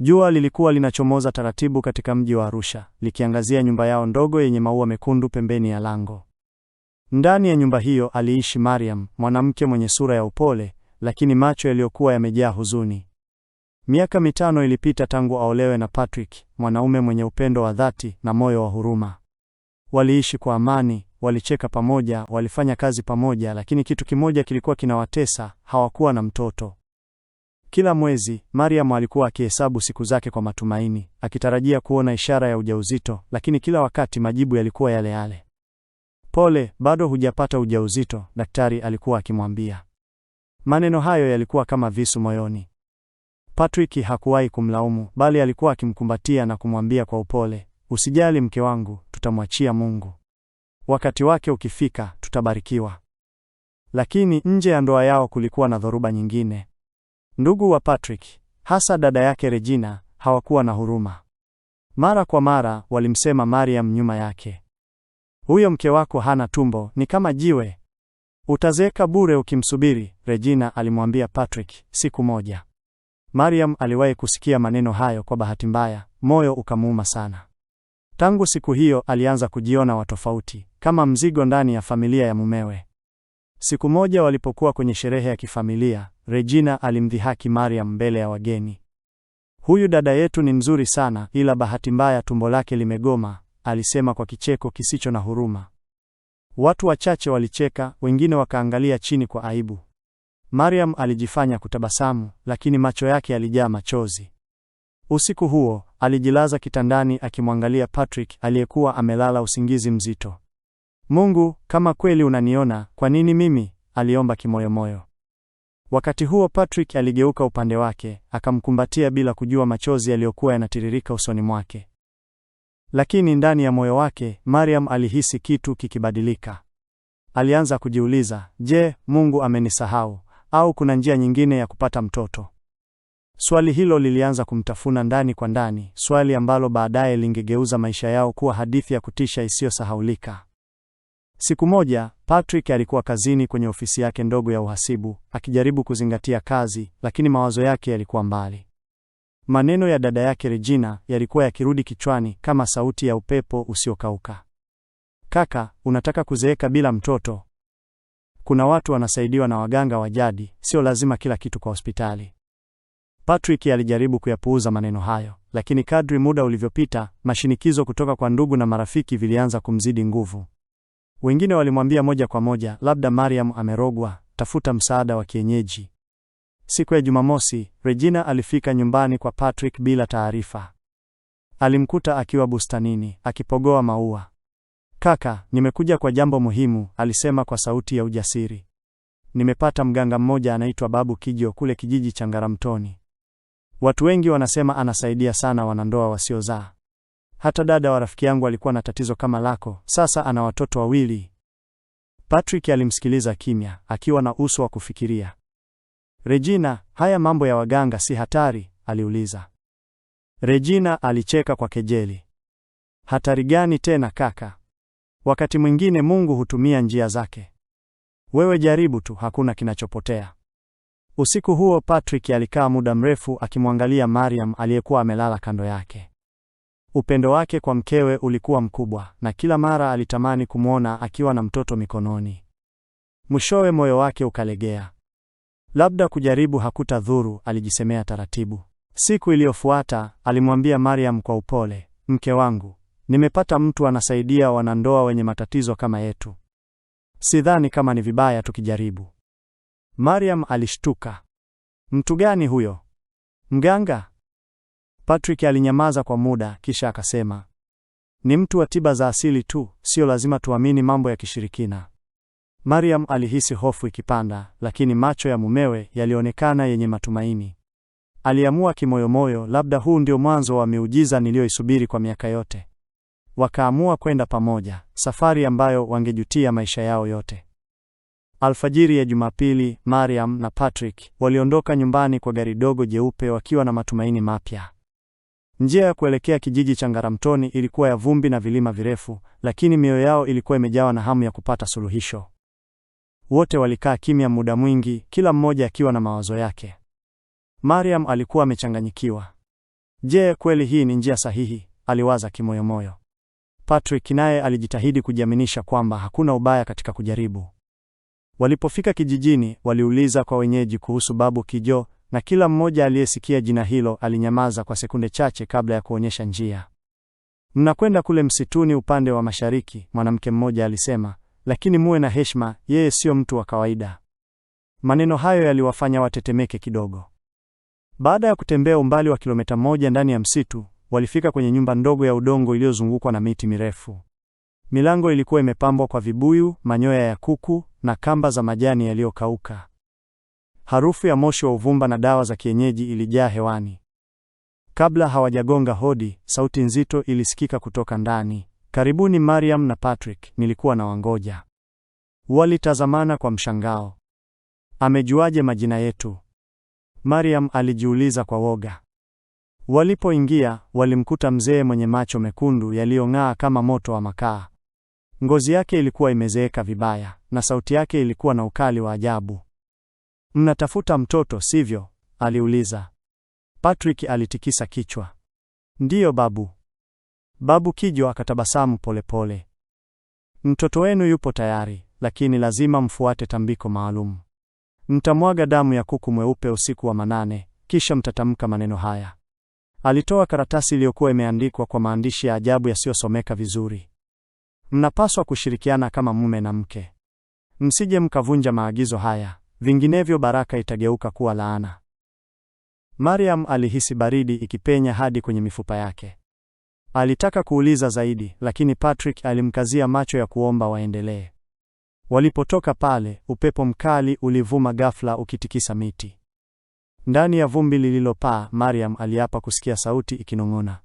Jua lilikuwa linachomoza taratibu katika mji wa Arusha, likiangazia nyumba yao ndogo yenye maua mekundu pembeni ya lango. Ndani ya nyumba hiyo aliishi Mariam, mwanamke mwenye sura ya upole, lakini macho yaliyokuwa yamejaa huzuni. Miaka mitano ilipita tangu aolewe na Patrick, mwanaume mwenye upendo wa dhati na moyo wa huruma. Waliishi kwa amani, walicheka pamoja, walifanya kazi pamoja, lakini kitu kimoja kilikuwa kinawatesa, hawakuwa na mtoto. Kila mwezi mariamu alikuwa akihesabu siku zake kwa matumaini, akitarajia kuona ishara ya ujauzito, lakini kila wakati majibu yalikuwa yale yale. Pole, bado hujapata ujauzito, daktari alikuwa akimwambia. Maneno hayo yalikuwa kama visu moyoni. Patrick hakuwahi kumlaumu, bali alikuwa akimkumbatia na kumwambia kwa upole, usijali mke wangu, tutamwachia Mungu. Wakati wake ukifika, tutabarikiwa. Lakini nje ya ndoa yao kulikuwa na dhoruba nyingine. Ndugu wa Patrick, hasa dada yake Regina, hawakuwa na huruma. Mara kwa mara walimsema Mariam nyuma yake, huyo mke wako hana tumbo, ni kama jiwe, utazeeka bure ukimsubiri. Regina alimwambia Patrick siku moja. Mariam aliwahi kusikia maneno hayo kwa bahati mbaya, moyo ukamuuma sana. Tangu siku hiyo alianza kujiona wa tofauti, kama mzigo ndani ya familia ya mumewe. Siku moja walipokuwa kwenye sherehe ya kifamilia, Regina alimdhihaki Mariam mbele ya wageni. Huyu dada yetu ni mzuri sana, ila bahati mbaya tumbo lake limegoma, alisema kwa kicheko kisicho na huruma. Watu wachache walicheka, wengine wakaangalia chini kwa aibu. Mariam alijifanya kutabasamu, lakini macho yake yalijaa machozi. Usiku huo alijilaza kitandani akimwangalia Patrick aliyekuwa amelala usingizi mzito. Mungu, kama kweli unaniona, kwa nini mimi? aliomba kimoyomoyo. Wakati huo Patrick aligeuka upande wake, akamkumbatia bila kujua machozi yaliyokuwa yanatiririka usoni mwake. Lakini ndani ya moyo wake, Mariam alihisi kitu kikibadilika. Alianza kujiuliza, je, Mungu amenisahau au kuna njia nyingine ya kupata mtoto? Swali hilo lilianza kumtafuna ndani kwa ndani, swali ambalo baadaye lingegeuza maisha yao kuwa hadithi ya kutisha isiyosahaulika. Siku moja Patrick alikuwa kazini kwenye ofisi yake ndogo ya uhasibu, akijaribu kuzingatia kazi, lakini mawazo yake yalikuwa mbali. Maneno ya dada yake Regina yalikuwa yakirudi kichwani kama sauti ya upepo usiokauka. Kaka, unataka kuzeeka bila mtoto? Kuna watu wanasaidiwa na waganga wa jadi, sio lazima kila kitu kwa hospitali. Patrick alijaribu kuyapuuza maneno hayo, lakini kadri muda ulivyopita, mashinikizo kutoka kwa ndugu na marafiki vilianza kumzidi nguvu. Wengine walimwambia moja kwa moja, labda Mariam amerogwa, tafuta msaada wa kienyeji. Siku ya Jumamosi, Regina alifika nyumbani kwa Patrick bila taarifa. Alimkuta akiwa bustanini akipogoa maua. Kaka, nimekuja kwa jambo muhimu, alisema kwa sauti ya ujasiri. Nimepata mganga mmoja anaitwa Babu Kijo kule kijiji cha Ngaramtoni. Watu wengi wanasema anasaidia sana wanandoa wasiozaa. Hata dada wa rafiki yangu alikuwa na tatizo kama lako, sasa ana watoto wawili. Patrick alimsikiliza kimya, akiwa na uso wa kufikiria. Regina, haya mambo ya waganga si hatari? aliuliza. Regina alicheka kwa kejeli. Hatari gani tena kaka? Wakati mwingine Mungu hutumia njia zake. Wewe jaribu tu, hakuna kinachopotea. Usiku huo Patrick alikaa muda mrefu akimwangalia Mariam aliyekuwa amelala kando yake. Upendo wake kwa mkewe ulikuwa mkubwa na kila mara alitamani kumwona akiwa na mtoto mikononi. Mwishowe moyo wake ukalegea. Labda kujaribu hakuta dhuru alijisemea taratibu. Siku iliyofuata alimwambia Mariam kwa upole, mke wangu, nimepata mtu anasaidia wanandoa wenye matatizo kama yetu. Sidhani kama ni vibaya tukijaribu. Mariam alishtuka. Mtu gani huyo? Mganga? Patrick alinyamaza kwa muda, kisha akasema, ni mtu wa tiba za asili tu, sio lazima tuamini mambo ya kishirikina. Mariam alihisi hofu ikipanda, lakini macho ya mumewe yalionekana yenye matumaini. Aliamua kimoyomoyo, labda huu ndio mwanzo wa miujiza niliyoisubiri kwa miaka yote. Wakaamua kwenda pamoja, safari ambayo wangejutia maisha yao yote. Alfajiri ya Jumapili, Mariam na Patrick waliondoka nyumbani kwa gari dogo jeupe wakiwa na matumaini mapya. Njia ya kuelekea kijiji cha Ngaramtoni ilikuwa ya vumbi na vilima virefu, lakini mioyo yao ilikuwa imejawa na hamu ya kupata suluhisho. Wote walikaa kimya muda mwingi, kila mmoja akiwa na mawazo yake. Mariam alikuwa amechanganyikiwa. Je, kweli hii ni njia sahihi? Aliwaza kimoyomoyo. Patrick naye alijitahidi kujiaminisha kwamba hakuna ubaya katika kujaribu. Walipofika kijijini, waliuliza kwa wenyeji kuhusu Babu Kijo, na kila mmoja aliyesikia jina hilo alinyamaza kwa sekunde chache kabla ya kuonyesha njia. Mnakwenda kule msituni upande wa mashariki, mwanamke mmoja alisema, lakini muwe na heshima, yeye sio mtu wa kawaida. Maneno hayo yaliwafanya watetemeke kidogo. Baada ya kutembea umbali wa kilomita moja ndani ya msitu, walifika kwenye nyumba ndogo ya udongo iliyozungukwa na miti mirefu. Milango ilikuwa imepambwa kwa vibuyu, manyoya ya kuku na kamba za majani yaliyokauka. Harufu ya moshi wa uvumba na dawa za kienyeji ilijaa hewani. Kabla hawajagonga hodi, sauti nzito ilisikika kutoka ndani. Karibuni Mariam na Patrick, nilikuwa na wangoja. Walitazamana kwa mshangao. Amejuaje majina yetu? Mariam alijiuliza kwa woga. Walipoingia, walimkuta mzee mwenye macho mekundu yaliyong'aa kama moto wa makaa. Ngozi yake ilikuwa imezeeka vibaya na sauti yake ilikuwa na ukali wa ajabu. Mnatafuta mtoto sivyo? aliuliza. Patrick alitikisa kichwa. Ndiyo babu. Babu Kijo akatabasamu polepole. Mtoto wenu yupo tayari, lakini lazima mfuate tambiko maalum. Mtamwaga damu ya kuku mweupe usiku wa manane, kisha mtatamka maneno haya. Alitoa karatasi iliyokuwa imeandikwa kwa maandishi ya ajabu yasiyosomeka vizuri. Mnapaswa kushirikiana kama mume na mke. Msije mkavunja maagizo haya vinginevyo baraka itageuka kuwa laana. Mariam alihisi baridi ikipenya hadi kwenye mifupa yake. Alitaka kuuliza zaidi, lakini Patrick alimkazia macho ya kuomba waendelee. Walipotoka pale, upepo mkali ulivuma ghafla ukitikisa miti. Ndani ya vumbi lililopaa, Mariam aliapa kusikia sauti ikinong'ona,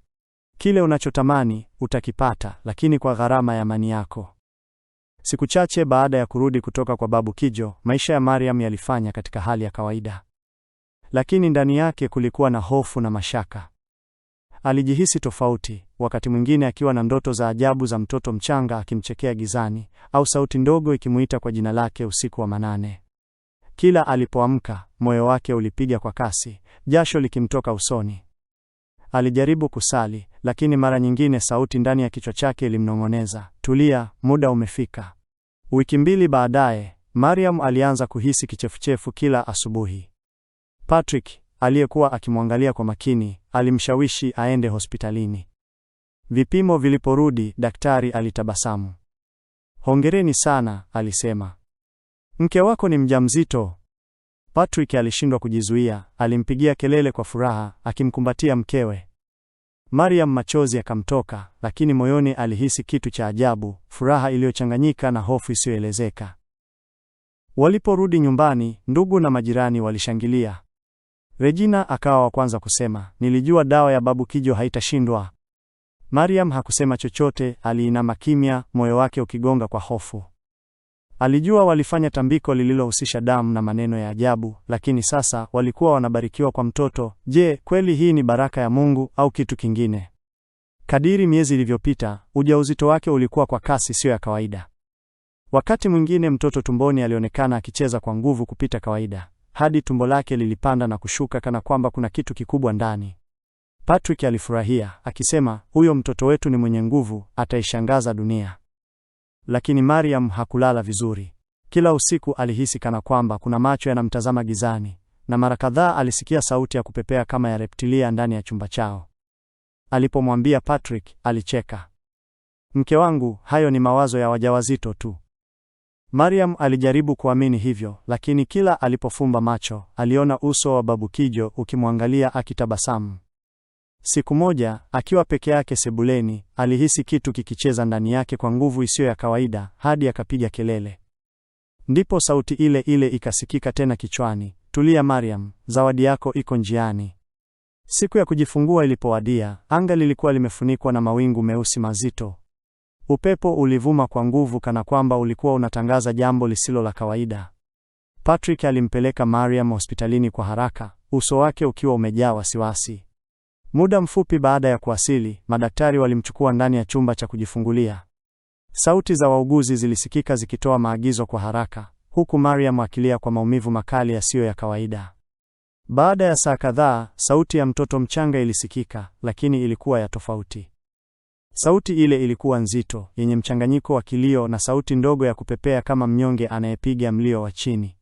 kile unachotamani utakipata, lakini kwa gharama ya amani yako. Siku chache baada ya kurudi kutoka kwa Babu Kijo, maisha ya Mariam yalifanya katika hali ya kawaida, lakini ndani yake kulikuwa na hofu na mashaka. Alijihisi tofauti, wakati mwingine akiwa na ndoto za ajabu za mtoto mchanga akimchekea gizani, au sauti ndogo ikimuita kwa jina lake usiku wa manane. Kila alipoamka, moyo wake ulipiga kwa kasi, jasho likimtoka usoni, Alijaribu kusali, lakini mara nyingine sauti ndani ya kichwa chake ilimnong'oneza, tulia, muda umefika. Wiki mbili baadaye, Mariam alianza kuhisi kichefuchefu kila asubuhi. Patrick aliyekuwa akimwangalia kwa makini alimshawishi aende hospitalini. Vipimo viliporudi, daktari alitabasamu. Hongereni sana, alisema. Mke wako ni mjamzito, Patrick alishindwa kujizuia, alimpigia kelele kwa furaha, akimkumbatia mkewe. Mariam machozi akamtoka, lakini moyoni alihisi kitu cha ajabu, furaha iliyochanganyika na hofu isiyoelezeka. Waliporudi nyumbani, ndugu na majirani walishangilia. Regina akawa wa kwanza kusema, nilijua dawa ya Babu Kijo haitashindwa. Mariam hakusema chochote, aliinama kimya, moyo wake ukigonga kwa hofu. Alijua walifanya tambiko lililohusisha damu na maneno ya ajabu, lakini sasa walikuwa wanabarikiwa kwa mtoto. Je, kweli hii ni baraka ya Mungu au kitu kingine? Kadiri miezi ilivyopita, ujauzito wake ulikuwa kwa kasi siyo ya kawaida. Wakati mwingine mtoto tumboni alionekana akicheza kwa nguvu kupita kawaida, hadi tumbo lake lilipanda na kushuka kana kwamba kuna kitu kikubwa ndani. Patrick alifurahia akisema, huyo mtoto wetu ni mwenye nguvu, ataishangaza dunia. Lakini Mariam hakulala vizuri. Kila usiku alihisi kana kwamba kuna macho yanamtazama gizani, na mara kadhaa alisikia sauti ya kupepea kama ya reptilia ndani ya chumba chao. Alipomwambia Patrick, alicheka. Mke wangu, hayo ni mawazo ya wajawazito tu. Mariam alijaribu kuamini hivyo, lakini kila alipofumba macho, aliona uso wa Babu Kijo ukimwangalia akitabasamu. Siku moja akiwa peke yake sebuleni, alihisi kitu kikicheza ndani yake kwa nguvu isiyo ya kawaida hadi akapiga kelele. Ndipo sauti ile ile ikasikika tena kichwani, tulia Mariam, zawadi yako iko njiani. Siku ya kujifungua ilipowadia, anga lilikuwa limefunikwa na mawingu meusi mazito. Upepo ulivuma kwa nguvu kana kwamba ulikuwa unatangaza jambo lisilo la kawaida. Patrick alimpeleka Mariam hospitalini kwa haraka, uso wake ukiwa umejaa wasiwasi. Muda mfupi baada ya kuwasili, madaktari walimchukua ndani ya chumba cha kujifungulia. Sauti za wauguzi zilisikika zikitoa maagizo kwa haraka, huku Mariam akilia kwa maumivu makali yasiyo ya kawaida. Baada ya saa kadhaa, sauti ya mtoto mchanga ilisikika, lakini ilikuwa ya tofauti. Sauti ile ilikuwa nzito, yenye mchanganyiko wa kilio na sauti ndogo ya kupepea kama mnyonge anayepiga mlio wa chini.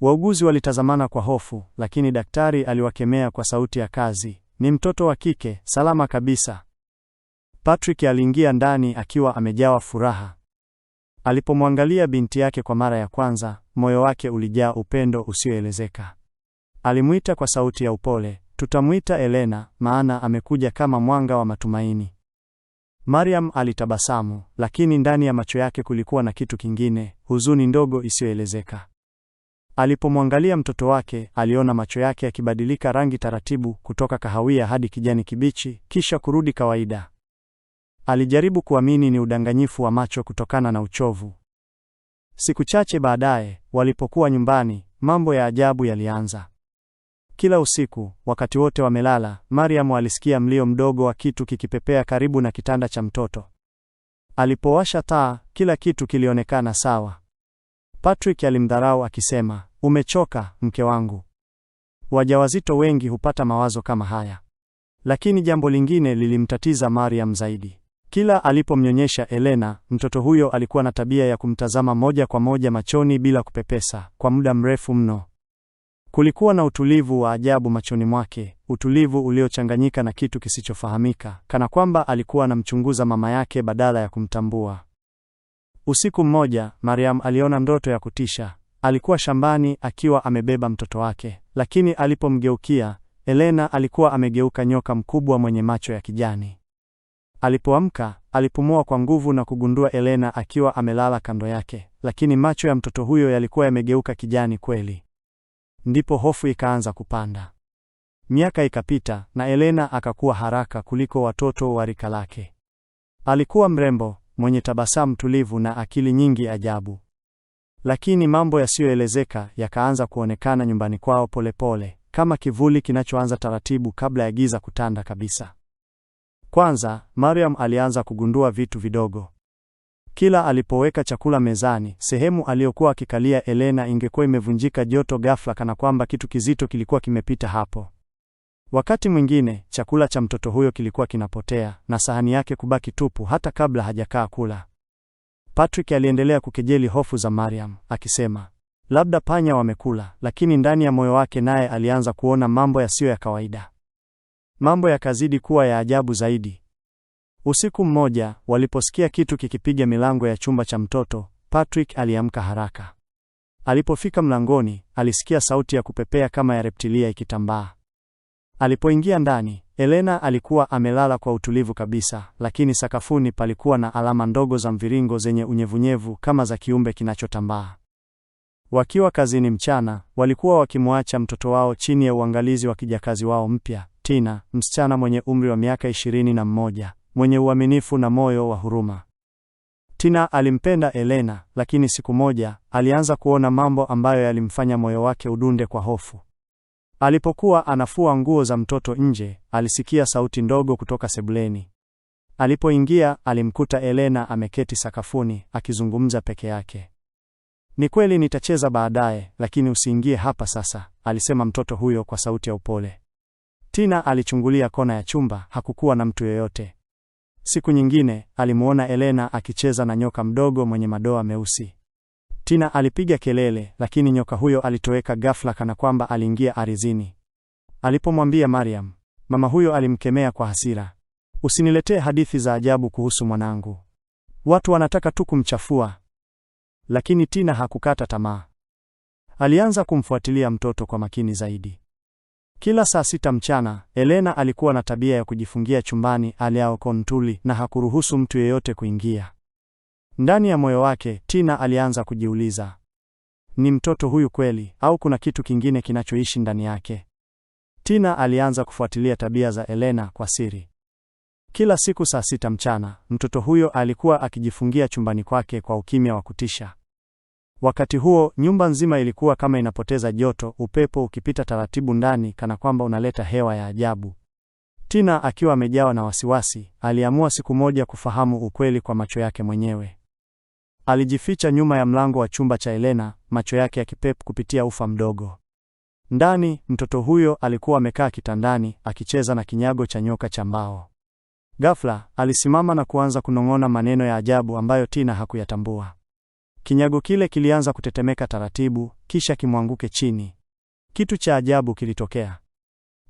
Wauguzi walitazamana kwa hofu, lakini daktari aliwakemea kwa sauti ya kazi. Ni mtoto wa kike, salama kabisa. Patrick aliingia ndani akiwa amejawa furaha. Alipomwangalia binti yake kwa mara ya kwanza, moyo wake ulijaa upendo usioelezeka. Alimwita kwa sauti ya upole, tutamwita Elena maana amekuja kama mwanga wa matumaini. Mariam alitabasamu, lakini ndani ya macho yake kulikuwa na kitu kingine, huzuni ndogo isiyoelezeka. Alipomwangalia mtoto wake, aliona macho yake yakibadilika rangi taratibu kutoka kahawia hadi kijani kibichi, kisha kurudi kawaida. Alijaribu kuamini ni udanganyifu wa macho kutokana na uchovu. Siku chache baadaye, walipokuwa nyumbani, mambo ya ajabu yalianza. Kila usiku, wakati wote wamelala, Mariam alisikia mlio mdogo wa kitu kikipepea karibu na kitanda cha mtoto. Alipowasha taa, kila kitu kilionekana sawa. Patrick alimdharau akisema, umechoka mke wangu. Wajawazito wengi hupata mawazo kama haya, lakini jambo lingine lilimtatiza Mariam zaidi. Kila alipomnyonyesha Elena, mtoto huyo alikuwa na tabia ya kumtazama moja kwa moja machoni bila kupepesa kwa muda mrefu mno. Kulikuwa na utulivu wa ajabu machoni mwake, utulivu uliochanganyika na kitu kisichofahamika, kana kwamba alikuwa anamchunguza mama yake badala ya kumtambua. Usiku mmoja, Mariam aliona ndoto ya kutisha. Alikuwa shambani akiwa amebeba mtoto wake, lakini alipomgeukia, Elena alikuwa amegeuka nyoka mkubwa mwenye macho ya kijani. Alipoamka, alipumua kwa nguvu na kugundua Elena akiwa amelala kando yake, lakini macho ya mtoto huyo yalikuwa yamegeuka kijani kweli. Ndipo hofu ikaanza kupanda. Miaka ikapita na Elena akakuwa haraka kuliko watoto wa rika lake. Alikuwa mrembo, mwenye tabasamu tulivu na akili nyingi ajabu. Lakini mambo yasiyoelezeka yakaanza kuonekana nyumbani kwao polepole pole, kama kivuli kinachoanza taratibu kabla ya giza kutanda kabisa. Kwanza, Mariam alianza kugundua vitu vidogo. Kila alipoweka chakula mezani, sehemu aliyokuwa akikalia Elena ingekuwa imevunjika joto ghafla, kana kwamba kitu kizito kilikuwa kimepita hapo. Wakati mwingine chakula cha mtoto huyo kilikuwa kinapotea na sahani yake kubaki tupu hata kabla hajakaa kula. Patrick aliendelea kukejeli hofu za Mariam akisema, labda panya wamekula, lakini ndani ya moyo wake naye alianza kuona mambo yasiyo ya kawaida. Mambo yakazidi kuwa ya ajabu zaidi. Usiku mmoja, waliposikia kitu kikipiga milango ya chumba cha mtoto, Patrick aliamka haraka. Alipofika mlangoni, alisikia sauti ya kupepea kama ya reptilia ikitambaa. Alipoingia ndani, Elena alikuwa amelala kwa utulivu kabisa, lakini sakafuni palikuwa na alama ndogo za mviringo zenye unyevunyevu kama za kiumbe kinachotambaa. Wakiwa kazini mchana, walikuwa wakimwacha mtoto wao chini ya uangalizi wa kijakazi wao mpya, Tina, msichana mwenye umri wa miaka ishirini na mmoja, mwenye uaminifu na moyo wa huruma. Tina alimpenda Elena, lakini siku moja alianza kuona mambo ambayo yalimfanya moyo wake udunde kwa hofu. Alipokuwa anafua nguo za mtoto nje, alisikia sauti ndogo kutoka sebuleni. Alipoingia, alimkuta Elena ameketi sakafuni akizungumza peke yake. Ni kweli nitacheza baadaye, lakini usiingie hapa sasa, alisema mtoto huyo kwa sauti ya upole. Tina alichungulia kona ya chumba, hakukuwa na mtu yoyote. Siku nyingine, alimuona Elena akicheza na nyoka mdogo mwenye madoa meusi. Tina alipiga kelele, lakini nyoka huyo alitoweka ghafla, kana kwamba aliingia arizini. Alipomwambia Mariam, mama huyo alimkemea kwa hasira, usiniletee hadithi za ajabu kuhusu mwanangu, watu wanataka tu kumchafua. Lakini Tina hakukata tamaa, alianza kumfuatilia mtoto kwa makini zaidi. Kila saa sita mchana Elena alikuwa na tabia ya kujifungia chumbani aliao kontuli na hakuruhusu mtu yeyote kuingia. Ndani ya moyo wake Tina alianza kujiuliza, ni mtoto huyu kweli au kuna kitu kingine kinachoishi ndani yake? Tina alianza kufuatilia tabia za Elena kwa siri. Kila siku saa sita mchana, mtoto huyo alikuwa akijifungia chumbani kwake kwa ukimya wa kutisha. Wakati huo nyumba nzima ilikuwa kama inapoteza joto, upepo ukipita taratibu ndani kana kwamba unaleta hewa ya ajabu. Tina akiwa amejawa na wasiwasi, aliamua siku moja kufahamu ukweli kwa macho yake mwenyewe. Alijificha nyuma ya mlango wa chumba cha Elena, macho yake yakipep kupitia ufa mdogo. Ndani, mtoto huyo alikuwa amekaa kitandani akicheza na kinyago cha nyoka cha mbao. Ghafla, alisimama na kuanza kunong'ona maneno ya ajabu ambayo Tina hakuyatambua. Kinyago kile kilianza kutetemeka taratibu, kisha kimwanguke chini. Kitu cha ajabu kilitokea.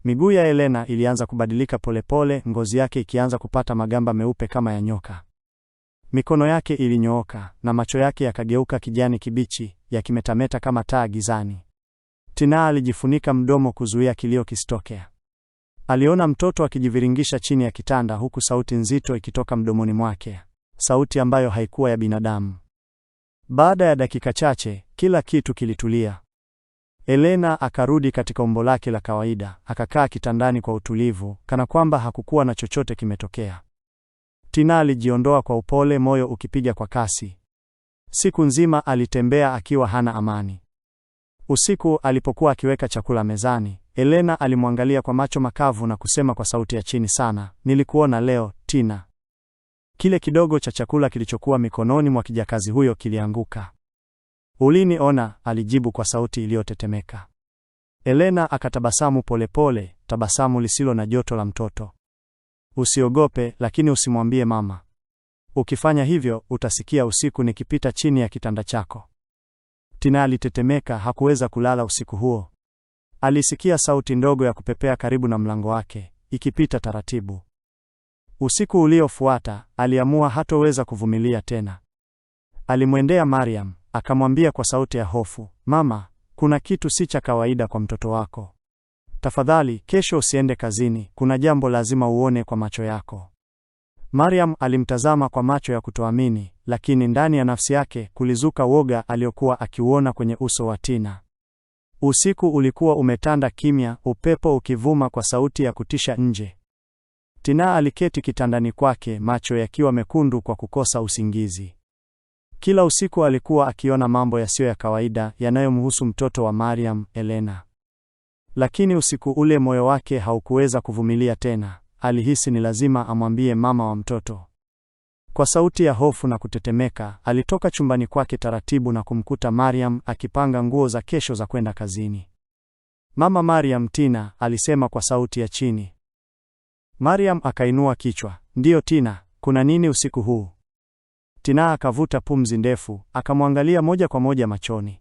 Miguu ya Elena ilianza kubadilika polepole, ngozi yake ikianza kupata magamba meupe kama ya nyoka. Mikono yake ilinyooka na macho yake yakageuka kijani kibichi, yakimetameta kama taa gizani. Tina alijifunika mdomo kuzuia kilio kisitokea. Aliona mtoto akijiviringisha chini ya kitanda, huku sauti nzito ikitoka mdomoni mwake, sauti ambayo haikuwa ya binadamu. Baada ya dakika chache, kila kitu kilitulia. Elena akarudi katika umbo lake la kawaida, akakaa kitandani kwa utulivu, kana kwamba hakukuwa na chochote kimetokea. Tina alijiondoa kwa upole, moyo ukipiga kwa kasi. Siku nzima alitembea akiwa hana amani. Usiku alipokuwa akiweka chakula mezani, Elena alimwangalia kwa macho makavu na kusema kwa sauti ya chini sana, nilikuona leo Tina. Kile kidogo cha chakula kilichokuwa mikononi mwa kijakazi huyo kilianguka. Uliniona, alijibu kwa sauti iliyotetemeka. Elena akatabasamu polepole, tabasamu lisilo na joto la mtoto. Usiogope, lakini usimwambie mama. Ukifanya hivyo, utasikia usiku nikipita chini ya kitanda chako. Tina alitetemeka, hakuweza kulala usiku huo. Alisikia sauti ndogo ya kupepea karibu na mlango wake, ikipita taratibu. Usiku uliofuata, aliamua hatoweza kuvumilia tena. Alimwendea Mariam, akamwambia kwa sauti ya hofu, "Mama, kuna kitu si cha kawaida kwa mtoto wako." tafadhali kesho usiende kazini, kuna jambo lazima uone kwa macho yako. Mariam alimtazama kwa macho ya kutoamini, lakini ndani ya nafsi yake kulizuka woga aliyokuwa akiuona kwenye uso wa Tina. Usiku ulikuwa umetanda kimya, upepo ukivuma kwa sauti ya kutisha nje. Tina aliketi kitandani kwake, macho yakiwa mekundu kwa kukosa usingizi. Kila usiku alikuwa akiona mambo yasiyo ya kawaida yanayomhusu mtoto wa Mariam, Elena. Lakini usiku ule moyo wake haukuweza kuvumilia tena. Alihisi ni lazima amwambie mama wa mtoto. Kwa sauti ya hofu na kutetemeka, alitoka chumbani kwake taratibu na kumkuta Mariam akipanga nguo za kesho za kwenda kazini. Mama Mariam, Tina, alisema kwa sauti ya chini. Mariam akainua kichwa. Ndiyo Tina, kuna nini usiku huu? Tina akavuta pumzi ndefu, akamwangalia moja kwa moja machoni.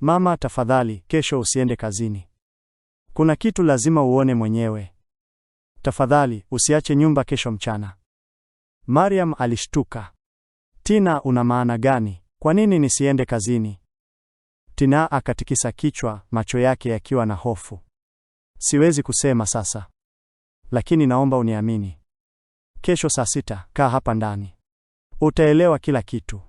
Mama, tafadhali, kesho usiende kazini. Kuna kitu lazima uone mwenyewe. Tafadhali usiache nyumba kesho mchana. Mariam alishtuka. Tina, una maana gani? Kwa nini nisiende kazini? Tina akatikisa kichwa, macho yake yakiwa na hofu. Siwezi kusema sasa, lakini naomba uniamini. Kesho saa sita, kaa hapa ndani, utaelewa kila kitu.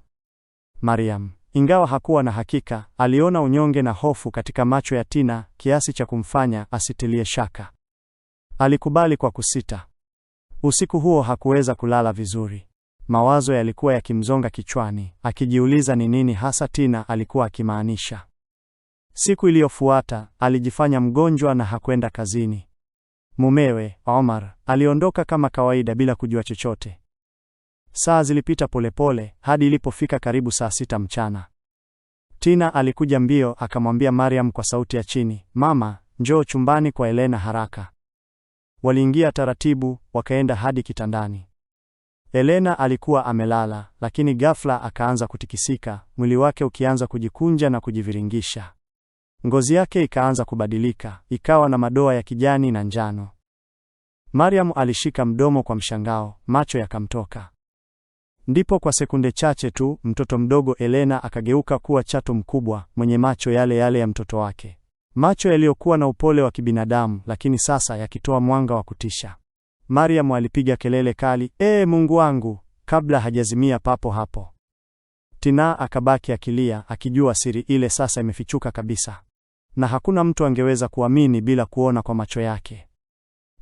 Mariam ingawa hakuwa na hakika, aliona unyonge na hofu katika macho ya Tina kiasi cha kumfanya asitilie shaka. Alikubali kwa kusita. Usiku huo hakuweza kulala vizuri. Mawazo yalikuwa yakimzonga kichwani, akijiuliza ni nini hasa Tina alikuwa akimaanisha. Siku iliyofuata alijifanya mgonjwa na hakwenda kazini. Mumewe Omar aliondoka kama kawaida bila kujua chochote. Saa zilipita polepole hadi ilipofika karibu saa sita mchana. Tina alikuja mbio akamwambia Mariam kwa sauti ya chini, "Mama, njoo chumbani kwa Elena haraka." Waliingia taratibu, wakaenda hadi kitandani. Elena alikuwa amelala, lakini ghafla akaanza kutikisika, mwili wake ukianza kujikunja na kujiviringisha. Ngozi yake ikaanza kubadilika, ikawa na madoa ya kijani na njano. Mariam alishika mdomo kwa mshangao, macho yakamtoka. Ndipo kwa sekunde chache tu mtoto mdogo Elena akageuka kuwa Chato mkubwa mwenye macho yale yale ya mtoto wake, macho yaliyokuwa na upole wa kibinadamu, lakini sasa yakitoa mwanga wa kutisha. Mariam alipiga kelele kali, ee Mungu wangu, kabla hajazimia papo hapo. Tina akabaki akilia, akijua siri ile sasa imefichuka kabisa, na hakuna mtu angeweza kuamini bila kuona kwa macho yake.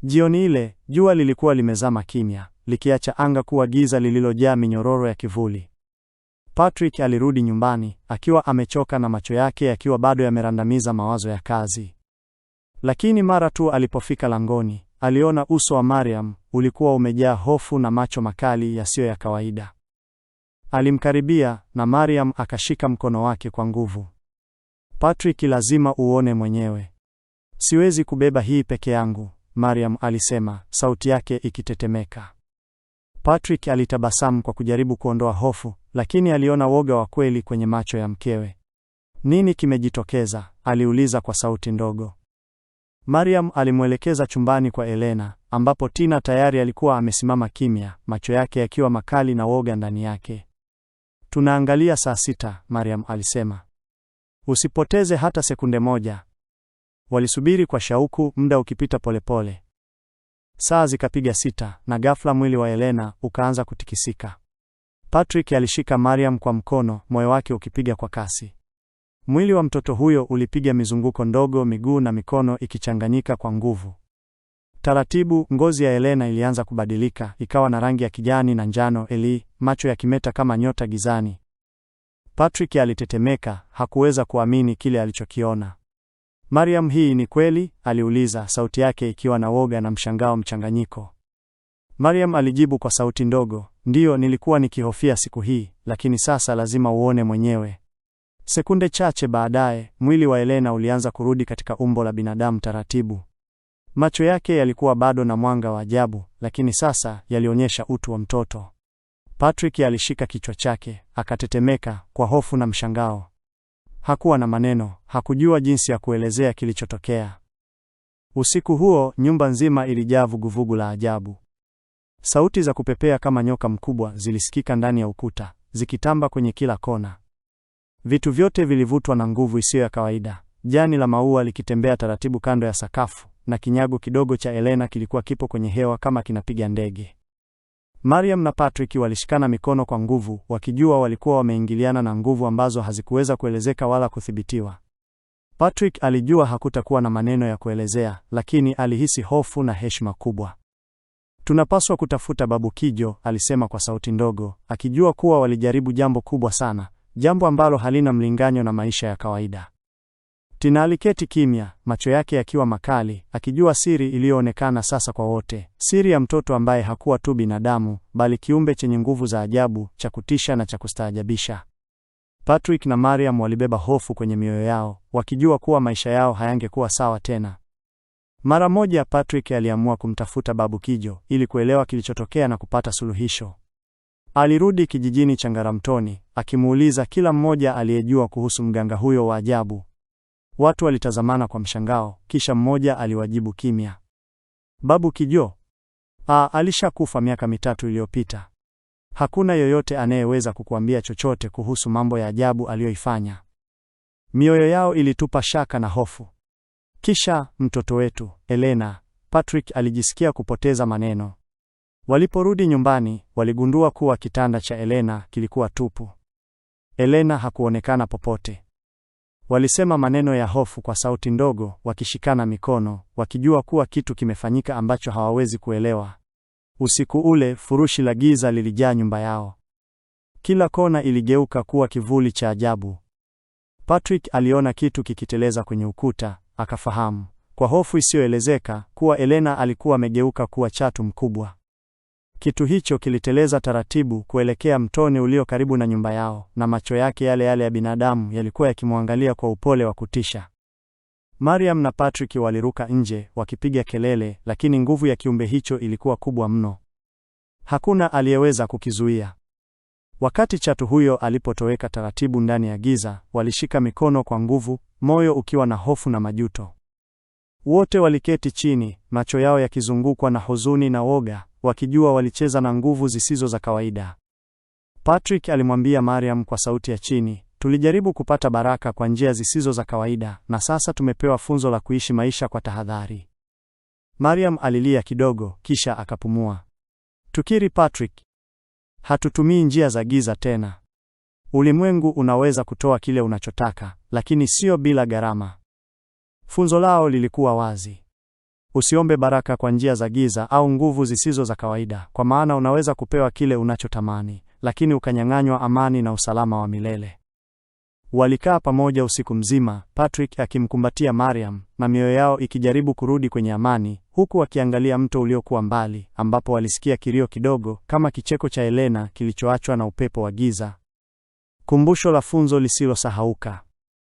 Jioni ile jua lilikuwa limezama kimya likiacha anga kuwa giza lililojaa minyororo ya kivuli. Patrick alirudi nyumbani akiwa amechoka na macho yake yakiwa bado yamerandamiza mawazo ya kazi. Lakini mara tu alipofika langoni, aliona uso wa Mariam ulikuwa umejaa hofu na macho makali yasiyo ya kawaida. Alimkaribia na Mariam akashika mkono wake kwa nguvu. Patrick, lazima uone mwenyewe. Siwezi kubeba hii peke yangu, Mariam alisema, sauti yake ikitetemeka. Patrick alitabasamu kwa kujaribu kuondoa hofu, lakini aliona woga wa kweli kwenye macho ya mkewe. Nini kimejitokeza? aliuliza kwa sauti ndogo. Mariam alimwelekeza chumbani kwa Elena, ambapo Tina tayari alikuwa amesimama kimya, macho yake yakiwa makali na woga ndani yake. Tunaangalia saa sita, Mariam alisema. Usipoteze hata sekunde moja. Walisubiri kwa shauku, muda ukipita polepole. Saa zikapiga sita na ghafla mwili wa Elena ukaanza kutikisika. Patrick alishika Mariam kwa mkono, moyo wake ukipiga kwa kasi. Mwili wa mtoto huyo ulipiga mizunguko ndogo, miguu na mikono ikichanganyika kwa nguvu. Taratibu ngozi ya Elena ilianza kubadilika, ikawa na rangi ya kijani na njano eli, macho yakimeta kama nyota gizani. Patrick alitetemeka, hakuweza kuamini kile alichokiona. Mariam, hii ni kweli? aliuliza, sauti yake ikiwa na woga na mshangao mchanganyiko. Mariam alijibu kwa sauti ndogo, ndiyo, nilikuwa nikihofia siku hii, lakini sasa lazima uone mwenyewe. Sekunde chache baadaye, mwili wa Elena ulianza kurudi katika umbo la binadamu taratibu. Macho yake yalikuwa bado na mwanga wa ajabu, lakini sasa yalionyesha utu wa mtoto. Patrick alishika kichwa chake, akatetemeka kwa hofu na mshangao. Hakuwa na maneno, hakujua jinsi ya kuelezea kilichotokea. Usiku huo nyumba nzima ilijaa vuguvugu la ajabu. Sauti za kupepea kama nyoka mkubwa zilisikika ndani ya ukuta, zikitamba kwenye kila kona. Vitu vyote vilivutwa na nguvu isiyo ya kawaida, jani la maua likitembea taratibu kando ya sakafu, na kinyago kidogo cha Elena kilikuwa kipo kwenye hewa kama kinapiga ndege. Mariam na Patrick walishikana mikono kwa nguvu, wakijua walikuwa wameingiliana na nguvu ambazo hazikuweza kuelezeka wala kuthibitiwa. Patrick alijua hakutakuwa na maneno ya kuelezea, lakini alihisi hofu na heshima kubwa. Tunapaswa kutafuta Babu Kijo, alisema kwa sauti ndogo, akijua kuwa walijaribu jambo kubwa sana, jambo ambalo halina mlinganyo na maisha ya kawaida. Tina aliketi kimya, macho yake yakiwa makali, akijua siri iliyoonekana sasa kwa wote, siri ya mtoto ambaye hakuwa tu binadamu, bali kiumbe chenye nguvu za ajabu, cha kutisha na cha kustaajabisha. Patrick na Mariam walibeba hofu kwenye mioyo yao, wakijua kuwa maisha yao hayangekuwa sawa tena. Mara moja Patrick aliamua kumtafuta Babu Kijo ili kuelewa kilichotokea na kupata suluhisho. Alirudi kijijini cha Ngaramtoni akimuuliza kila mmoja aliyejua kuhusu mganga huyo wa ajabu, Watu walitazamana kwa mshangao, kisha mmoja aliwajibu kimya, Babu Kijo a, alishakufa miaka mitatu iliyopita. Hakuna yoyote anayeweza kukuambia chochote kuhusu mambo ya ajabu aliyoifanya. Mioyo yao ilitupa shaka na hofu. Kisha mtoto wetu Elena Patrick alijisikia kupoteza maneno. Waliporudi nyumbani, waligundua kuwa kitanda cha Elena kilikuwa tupu. Elena hakuonekana popote. Walisema maneno ya hofu kwa sauti ndogo, wakishikana mikono, wakijua kuwa kitu kimefanyika ambacho hawawezi kuelewa. Usiku ule, furushi la giza lilijaa nyumba yao. Kila kona iligeuka kuwa kivuli cha ajabu. Patrick aliona kitu kikiteleza kwenye ukuta, akafahamu kwa hofu isiyoelezeka kuwa Elena alikuwa amegeuka kuwa chatu mkubwa. Kitu hicho kiliteleza taratibu kuelekea mtoni ulio karibu na nyumba yao, na macho yake yale yale ya binadamu yalikuwa yakimwangalia kwa upole wa kutisha. Mariam na Patrick waliruka nje wakipiga kelele, lakini nguvu ya kiumbe hicho ilikuwa kubwa mno. Hakuna aliyeweza kukizuia. Wakati chatu huyo alipotoweka taratibu ndani ya giza, walishika mikono kwa nguvu, moyo ukiwa na hofu na majuto. Wote waliketi chini, macho yao yakizungukwa na huzuni na woga, wakijua walicheza na nguvu zisizo za kawaida. Patrick alimwambia Mariam kwa sauti ya chini, tulijaribu kupata baraka kwa njia zisizo za kawaida, na sasa tumepewa funzo la kuishi maisha kwa tahadhari. Mariam alilia kidogo, kisha akapumua. Tukiri Patrick, hatutumii njia za giza tena. Ulimwengu unaweza kutoa kile unachotaka, lakini sio bila gharama. Funzo lao lilikuwa wazi. Usiombe baraka kwa njia za giza au nguvu zisizo za kawaida, kwa maana unaweza kupewa kile unachotamani, lakini ukanyang'anywa amani na usalama wa milele. Walikaa pamoja usiku mzima, Patrick akimkumbatia Mariam na mioyo yao ikijaribu kurudi kwenye amani, huku wakiangalia mto uliokuwa mbali, ambapo walisikia kilio kidogo kama kicheko cha Elena kilichoachwa na upepo wa giza. Kumbusho la funzo lisilosahauka.